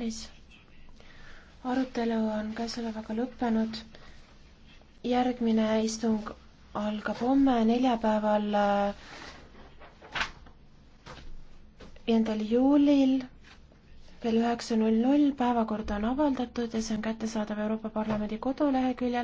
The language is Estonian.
Taanis. arutelu on käesolevaga lõppenud. järgmine istung algab homme, neljapäeval, äh, viiendal juulil kell üheksa null null. päevakord on avaldatud ja see on kättesaadav Euroopa Parlamendi koduleheküljel.